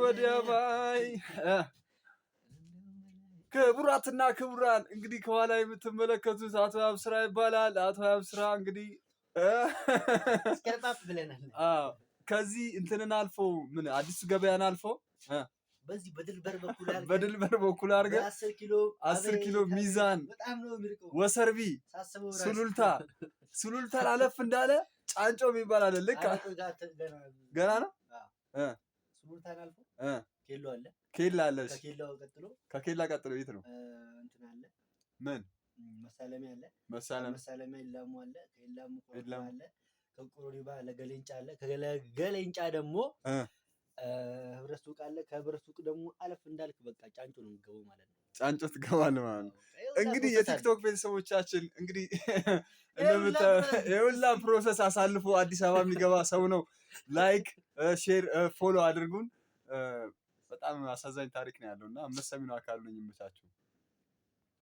ወዲያባይ ክቡራትና ክቡራን እንግዲህ ከኋላ የምትመለከቱት አቶ አብስራ ይባላል። አቶ አብስራ እንግዲህ ከዚህ እንትንን አልፎ ምን አዲሱ ገበያን አልፎ በዚህ በድልበር በኩል አድርገ አስር ኪሎ ሚዛን ወሰርቢ ሱሉልታ ሱሉልታ ላለፍ እንዳለ ጫንጮ የሚባል አለ። ልክ ገና ነው ሱሉልታን አልፎ ኬሎ አለ። ኬላ አለ። ከኬላ ቀጥሎ የት ነው? እንትን አለ። ምን መሳለሚያ አለ። መሳለሚያ ኢላሙ አለ። ከኢላሙ አለ። ለገሌንጫ አለ። ከገሌንጫ ደግሞ ህብረት ሱቅ አለ። ከህብረት ሱቅ ደግሞ አለፍ እንዳልክ በቃ ጫንጮ ነው የምትገባው ማለት ነው። ጫንጮ ትገባል ማለት ነው። እንግዲህ የቲክቶክ ቤተሰቦቻችን እንግዲህ የሁላ ፕሮሰስ አሳልፎ አዲስ አበባ የሚገባ ሰው ነው ላይክ ሼር፣ ፎሎ አድርጉን። በጣም አሳዛኝ ታሪክ ነው ያለው እና መሰሚነው አካል ነኝ። ይመቻችሁ።